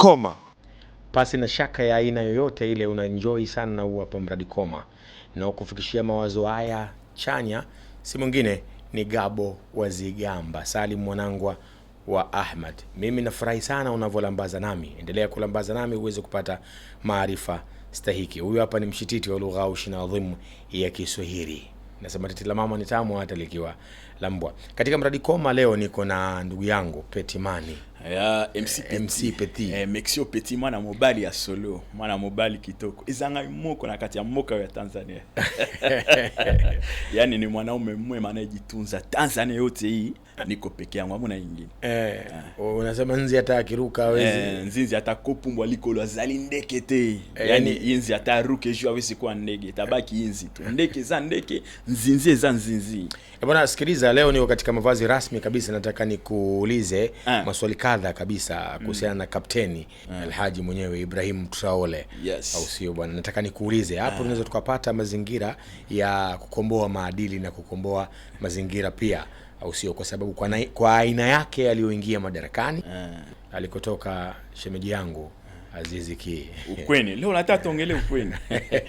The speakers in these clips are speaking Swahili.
Koma. Pasi na shaka ya aina yoyote ile, unaenjoy sana na huu hapa mradi Koma, na kufikishia mawazo haya chanya si mwingine ni Gabo wa Zigamba, Salim mwanangwa wa Ahmad. Mimi nafurahi sana unavyolambaza nami, endelea kulambaza nami uweze kupata maarifa stahiki. Huyu hapa ni mshititi wa lugha aushi na adhimu ya Kiswahili. Nasema titi la mama ni tamu hata likiwa la mbwa. Katika mradi Koma leo niko na ndugu yangu Petimani ya MC eh, eh, Petit, mwana mobali ya solo mwana mobali kitoko ezangai moko na kati ya mboka ya Tanzania yani ni mwanaume mwema anayejitunza Tanzania yote hii niko peke yangu amuna ingine eh, ah. oh, unasema nzi hata akiruka hawezi eh, nzinzi hata kopumbwa likolo azali ndeke te eh, yani inzi hata aruke juu hawezi kuwa ndege tabaki inzi eh. tu ndeke za ndeke nzinzi za nzinzi bwana sikiliza leo niko katika mavazi rasmi kabisa nataka nikuulize ah. maswali kadha kabisa kuhusiana mm. na kapteni mm. Alhaji mwenyewe Ibrahim Traore yes. au sio bwana? Nataka nikuulize hapo tunaweza yeah. tukapata mazingira ya kukomboa maadili na kukomboa mazingira pia au sio? Kwa sababu kwa, na, kwa aina yake aliyoingia madarakani yeah. alikotoka shemeji yangu Azizi Ki. Ukweni. Leo nataka tuongele ukweni.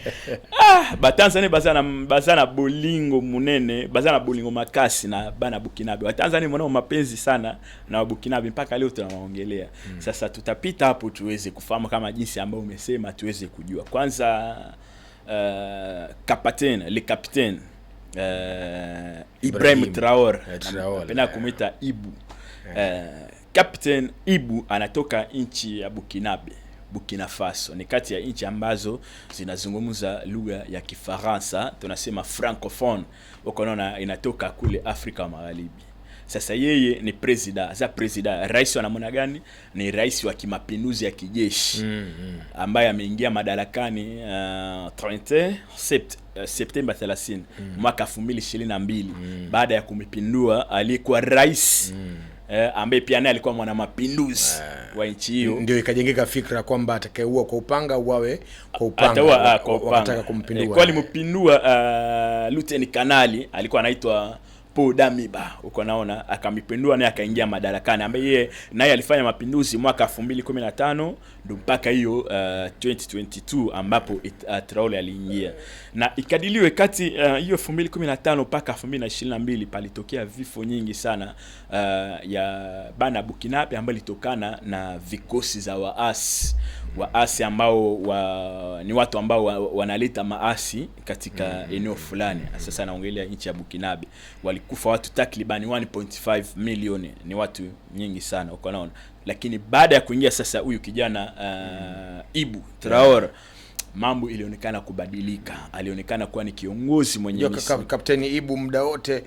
ah, Batanzania bazana bazana bolingo munene, bazana bolingo makasi na bana Bukinabe. Watanzania mwanao mapenzi sana na Bukinabe mpaka leo tunawaongelea. Hmm. Sasa tutapita hapo tuweze kufahamu kama jinsi ambayo umesema tuweze kujua. Kwanza uh, kapatena, le capitaine uh, Ibrahim Traor eh, napenda eh. kumwita Ibu uh, eh. Captain Ibu anatoka nchi ya Bukinabe Burkina Faso ni kati ya nchi ambazo zinazungumza lugha ya Kifaransa, tunasema francophone, naona inatoka kule Afrika Magharibi. Sasa yeye ni presida za presida, rais wa namna gani? Ni rais wa kimapinduzi ya kijeshi mm -hmm. ambaye ameingia madarakani uh, 30 sept, uh, Septemba 30 mm -hmm. mwaka 2022 mm -hmm. baada ya kumipindua aliyekuwa rais mm -hmm. eh, ambaye pia naye alikuwa mwanamapinduzi yeah. Eh, wa nchi hiyo, ndio ikajengeka fikra kwamba atakayeua kwa upanga uawe kwa upanga, ataua ah, kwa upanga. Kwa alimpindua ah, Luteni Kanali alikuwa anaitwa Paul Damiba uko naona akamipindua naye akaingia madarakani, ambaye yeye naye alifanya mapinduzi mwaka 2015 ndo mpaka hiyo uh, 2022 ambapo uh, Traore aliingia na ikadiliwe kati uh, hiyo uh, 2015 mpaka 2022 palitokea vifo nyingi sana uh, ya bana Bukinapi ambayo ilitokana na vikosi za waasi waasi ambao wa, ni watu ambao wa, wanaleta maasi katika mm -hmm. eneo fulani. Sasa naongelea nchi ya Bukinabe, walikufa watu takriban 1.5 milioni, ni watu nyingi sana uko naona, lakini baada ya kuingia sasa huyu kijana uh, mm -hmm. Ibu yeah mambo ilionekana kubadilika, alionekana kuwa ni kiongozi mwenye kapteni Ibu muda wote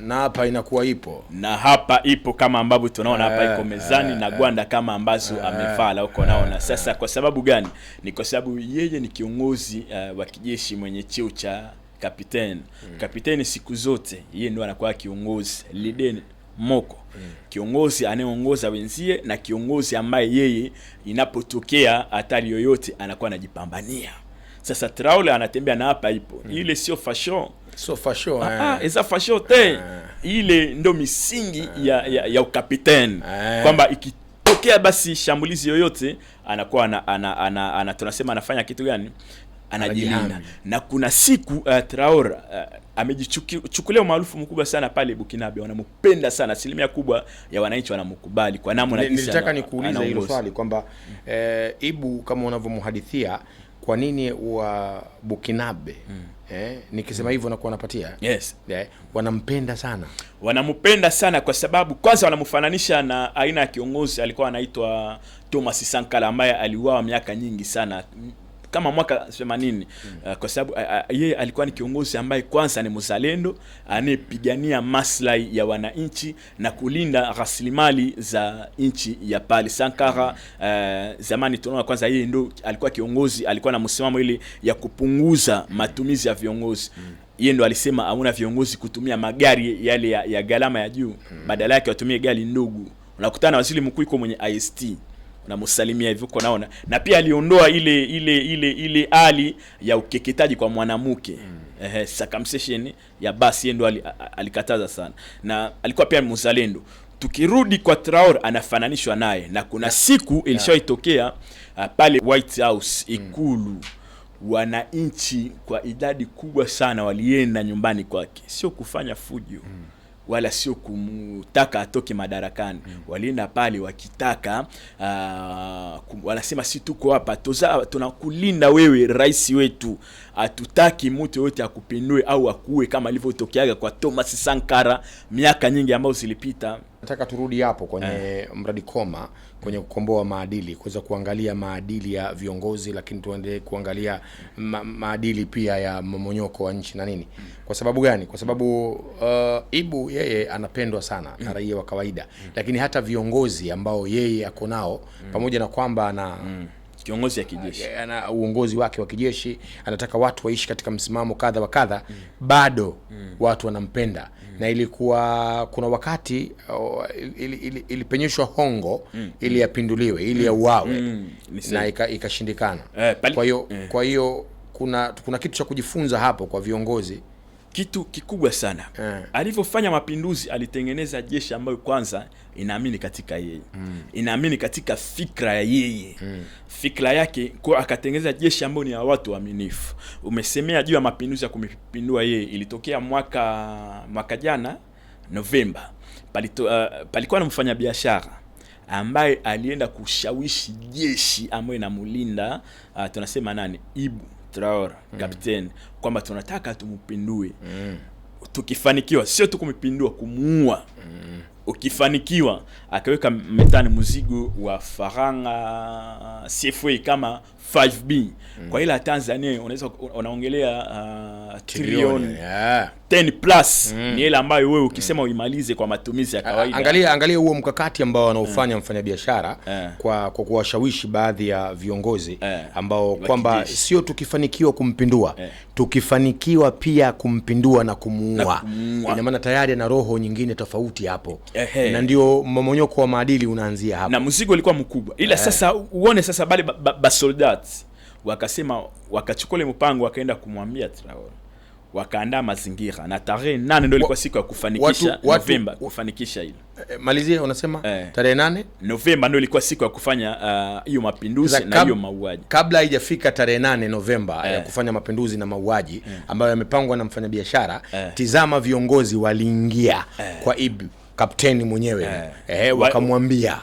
na hapa inakuwa ipo na hapa ipo kama ambavyo tunaona hapa eh, iko mezani eh, na eh. gwanda kama ambazo amefala huko naona. Sasa kwa sababu gani? Ni kwa sababu yeye ni kiongozi uh, wa kijeshi mwenye cheo cha kapiten hmm. Kapiteni siku zote yeye ndio anakuwa kiongozi lideni moko hmm. Kiongozi anayeongoza wenzie na kiongozi ambaye yeye inapotokea hatari yoyote anakuwa anajipambania sasa Traore anatembea na hapa ipo mm. ile sio fashion sio fashion ah, eh. Ah, eza fashion te eh. ile ndo misingi eh. ya, ya, ya ukapiteni eh. kwamba ikitokea basi shambulizi yoyote anakuwa ana, ana, ana, ana tunasema anafanya kitu gani anajilinda na kuna siku uh, Traore uh, eh, amejichukulia umaarufu mkubwa sana pale Bukinabe, wanampenda sana, asilimia kubwa ya wananchi wanamkubali kwa namna. Nilitaka nikuulize hilo swali kwamba eh, Ibu kama unavyomhadithia kwa nini wa Bukinabe mm. eh, nikisema hivyo nakuwa napatia yes. eh, wanampenda sana, wanampenda sana kwa sababu kwanza wanamfananisha na aina ya kiongozi alikuwa anaitwa Thomas Sankara ambaye aliuawa miaka nyingi sana kama mwaka 80 mm. Eh, kwa sababu eh, eh, yeye alikuwa ni kiongozi ambaye kwanza ni mzalendo anayepigania maslahi ya wananchi na kulinda rasilimali za nchi ya pale Sankara. Uh, zamani tunaona kwanza yeye ndio alikuwa kiongozi, alikuwa na msimamo ile ya kupunguza matumizi ya viongozi mm. Yeye ndo alisema hauna viongozi kutumia magari yale ya, ya gharama ya juu hmm. Badala yake watumie gari ndugu Unakutana waziri mkuu iko mwenye IST unamsalimia hivi uko naona, na pia aliondoa ile ile ile ile hali ya ukeketaji kwa mwanamke mm. Eh, circumcision ya basi ndo alikataza sana, na alikuwa pia mzalendo. Tukirudi kwa Traore anafananishwa naye, na kuna siku ilishaitokea uh, pale White House mm. ikulu mm. Wananchi kwa idadi kubwa sana walienda nyumbani kwake, sio kufanya fujo mm wala sio kumutaka atoke madarakani mm. Walienda pale wakitaka uh, wanasema si tuko hapa, tunakulinda wewe rais wetu hatutaki mtu yoyote akupindue au akuwe kama alivyotokeaga kwa Thomas Sankara miaka nyingi ambayo zilipita. Nataka turudi hapo kwenye eh, mradi koma kwenye kukomboa maadili, kuweza kuangalia maadili ya viongozi, lakini tuendelee kuangalia ma maadili pia ya momonyoko wa nchi na nini. Kwa sababu gani? Kwa sababu uh, Ibu yeye anapendwa sana na mm. raia wa kawaida, mm. lakini hata viongozi ambao yeye ako nao mm. pamoja na kwamba ana kiongozi ya kijeshi eh, ana uongozi wake wa kijeshi, anataka watu waishi katika msimamo kadha wa kadha mm. bado mm. watu wanampenda mm. na ilikuwa kuna wakati ilipenyeshwa oh, ili, ili hongo mm. ili yapinduliwe ili mm. yauawe mm. na ikashindikana ika eh, kwa hiyo eh. kwa hiyo kuna kuna kitu cha kujifunza hapo kwa viongozi kitu kikubwa sana yeah. Alivyofanya mapinduzi, alitengeneza jeshi ambayo kwanza inaamini katika yeye mm. inaamini katika fikra ya yeye mm. fikra yake, kwa akatengeneza jeshi ambayo ni ya watu waaminifu. Umesemea juu ya mapinduzi ya kumpindua yeye, ilitokea mwaka mwaka jana Novemba. Palito, uh, palikuwa na mfanyabiashara ambaye alienda kushawishi jeshi ambayo inamulinda uh, tunasema nani ibu Traore mm. kapteni kwamba tunataka tumpindue mm. Tukifanikiwa sio tu kumpindua, kumuua mm ukifanikiwa akaweka metani mzigo wa faranga CFA kama 5B mm. Kwa ila Tanzania unaweza unaongelea uh, trilioni yeah. 10 plus mm. Ni ile ambayo wewe ukisema mm. uimalize kwa matumizi ya kawaida. Angalia angalia huo mkakati ambao wanaofanya yeah. Mm. mfanyabiashara yeah. kwa kwa kuwashawishi baadhi ya viongozi yeah. ambao kwamba sio tukifanikiwa kumpindua yeah. tukifanikiwa pia kumpindua na kumuua, ina maana tayari ana roho nyingine tofauti hapo na ndio mmomonyoko wa maadili unaanzia hapo, na mzigo ulikuwa mkubwa ila Ehe. Sasa uone sasa bale basoldati ba, ba wakasema wakachukua ile mpango wakaenda kumwambia Traore wakaandaa mazingira na tarehe nane ndio ilikuwa siku ya kufanikisha Novemba kufanikisha hilo. Eh, Malizia unasema eh, tarehe nane Novemba ndio ilikuwa siku ya kufanya uh, hiyo uh, mapinduzi na hiyo mauaji. Kabla haijafika tarehe nane Novemba eh, ya kufanya mapinduzi na mauaji eh, ambayo yamepangwa na mfanyabiashara eh, tizama viongozi waliingia eh, kwa ibu kapteni mwenyewe eh, eh, wakamwambia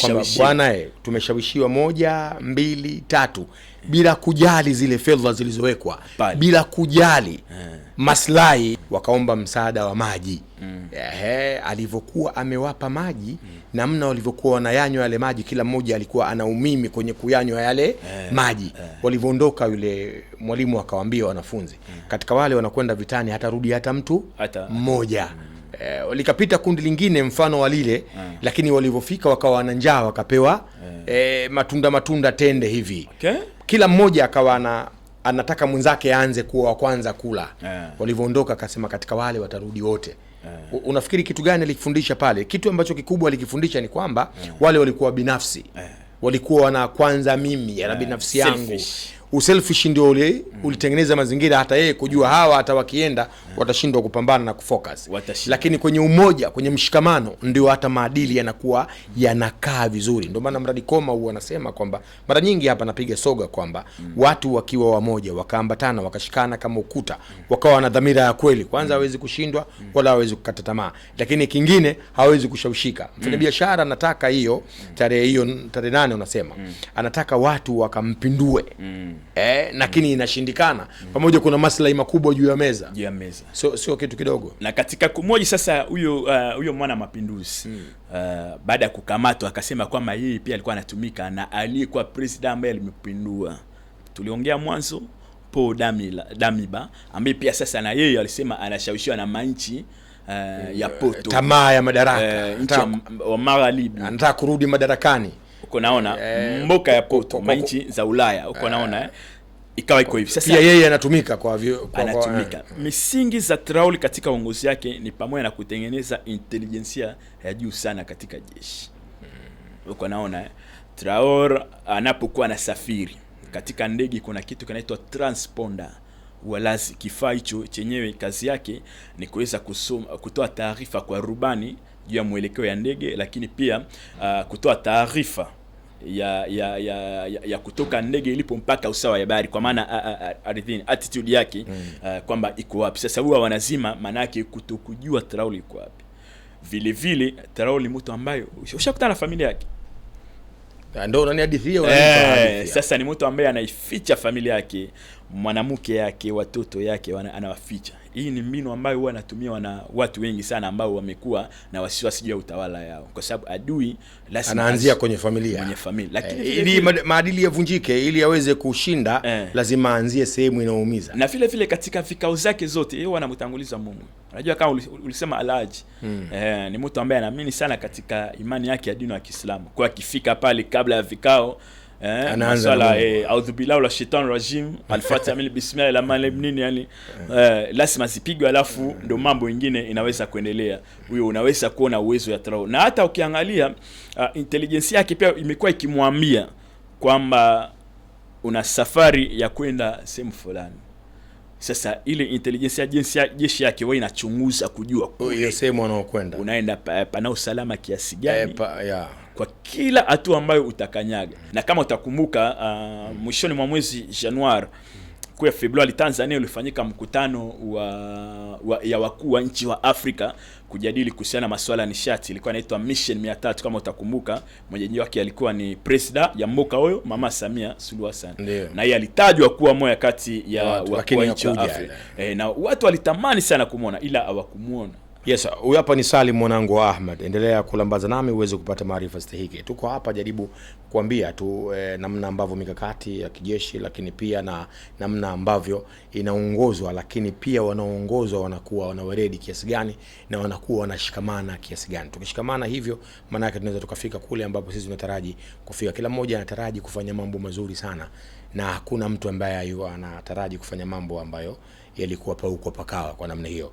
kwamba bwana, eh, tumeshawishiwa moja mbili tatu, bila kujali zile fedha zilizowekwa, bila kujali eh, maslahi. Wakaomba msaada wa maji mm. eh, alivyokuwa amewapa maji mm. namna walivyokuwa wanayanywa yale maji, kila mmoja alikuwa ana umimi kwenye kuyanywa yale eh, maji eh. Walivyoondoka yule mwalimu akawaambia wanafunzi mm. katika wale wanakwenda vitani hatarudi hata mtu hata mmoja mm eh, likapita kundi lingine mfano wa lile eh. Lakini walivyofika wakawa na njaa wakapewa yeah. eh, matunda matunda tende hivi okay. Kila mmoja akawa na anataka mwenzake aanze kuwa wa kwanza kula yeah. Walivyoondoka akasema katika wale watarudi wote yeah. Unafikiri kitu gani alikifundisha pale? Kitu ambacho kikubwa alikifundisha ni kwamba yeah. Wale walikuwa binafsi yeah. Walikuwa wana kwanza mimi na yeah. binafsi yangu Selfish uselfish ndio ule ulitengeneza mazingira hata yeye kujua hawa hata wakienda watashindwa kupambana na kufocus, lakini kwenye umoja, kwenye mshikamano ndio hata maadili yanakuwa yanakaa vizuri. Ndio maana mradi Koma huwa anasema kwamba mara nyingi hapa napiga soga kwamba mm. watu wakiwa wamoja, wakaambatana, wakashikana kama ukuta, wakawa na dhamira ya kweli, kwanza hawezi kushindwa wala hawezi kukata tamaa, lakini kingine hawezi kushawishika. Mfanyabiashara anataka hiyo tarehe hiyo tarehe nane unasema anataka watu wakampindue mm eh, lakini inashindikana. Pamoja kuna maslahi makubwa juu ya meza, juu ya meza, sio sio kitu kidogo. Na katika kumoja sasa, huyo uh, huyo uh, mwana mapinduzi mm. uh, baada ya kukamatwa akasema kwamba yeye pia alikuwa anatumika na aliyekuwa president ambaye alimpindua, tuliongea mwanzo po Damila, Damiba ambaye pia sasa na yeye alisema anashawishiwa na manchi uh, ya eh, poto tamaa ya madaraka uh, wa magharibi, anataka kurudi madarakani uko naona yeah, mboka ya poto manchi za Ulaya uko eh. naona eh. Ikawa iko hivi sasa, yeye anatumika kwa hivyo anatumika yeah. Mm. misingi za traul katika uongozi yake ni pamoja na kutengeneza intelligence ya juu sana katika jeshi mm. Uko naona eh? traul anapokuwa safiri katika ndege, kuna kitu kinaitwa transponder walazi. Kifaa hicho chenyewe kazi yake ni kuweza kusoma, kutoa taarifa kwa rubani juu ya mwelekeo ya ndege, lakini pia uh, kutoa taarifa ya ya, ya ya kutoka ndege ilipo mpaka usawa ya bahari, kwa maana uh, uh, uh, ardhini attitude yake mm. uh, kwamba iko wapi sasa. Huwa wanazima maana yake kutokujua trauli iko wapi. Vile vile trauli, mtu ambayo ushakutana na familia yake ah, ndio unanihadithia. Eh, sasa ni mtu ambaye anaificha familia yake, mwanamke yake watoto yake anawaficha. Hii ni mbinu ambayo huwa anatumia wana watu wengi sana ambao wamekuwa na wasiwasi juu ya utawala yao, kwa sababu adui anaanzia kwenye familia, kwenye familia. Lakini eh, ili maadili yavunjike ili yaweze kushinda eh, lazima aanzie sehemu inayoumiza, na vile vile katika vikao zake zote yeye anamtanguliza Mungu. Unajua kama ulisema alaji hmm, eh, ni mtu ambaye anaamini sana katika imani yake ya dini ya Kiislamu, kwa akifika pale kabla ya vikao lazima zipigwe, alafu ndo mambo ingine inaweza kuendelea. Huyo unaweza kuona uwezo ya trao. na hata ukiangalia uh, ah, intelijensi yake pia imekuwa ikimwambia kwamba una safari ya kwenda sehemu fulani. Sasa ile intelijensi ya jeshi yake wa inachunguza kujua sehemu anaokwenda unaenda pana usalama kiasi eh, gani, pa, yeah kwa kila hatua ambayo utakanyaga. Na kama utakumbuka, uh, mwishoni mwa mwezi Januari kwa Februari Tanzania ulifanyika mkutano wa, wa, ya wakuu wa nchi wa Afrika kujadili kuhusiana na masuala ya nishati. Ilikuwa inaitwa Mission 300 kama utakumbuka, mwenyeji wake alikuwa ni presida ya mboka huyo Mama Samia Suluhu Hassan, na yeye alitajwa kuwa moja kati ya wakuu wa nchi wa Afrika e, na watu walitamani sana kumwona ila hawakumuona. Yes, huyu hapa ni Salim mwanangu wa Ahmad. Endelea kulambaza nami uweze kupata maarifa stahiki. Tuko hapa jaribu kuambia tu eh, namna ambavyo mikakati ya kijeshi lakini pia na namna ambavyo inaongozwa, lakini pia wanaongozwa wanakuwa weredi kiasi gani na wanakuwa wanashikamana kiasi gani. Tukishikamana hivyo, maana yake tunaweza tukafika kule ambapo sisi tunataraji kufika. Kila mmoja anataraji kufanya mambo mazuri sana na hakuna mtu ambaye anataraji kufanya mambo ambayo yalikuwa pauko pakawa kwa namna hiyo.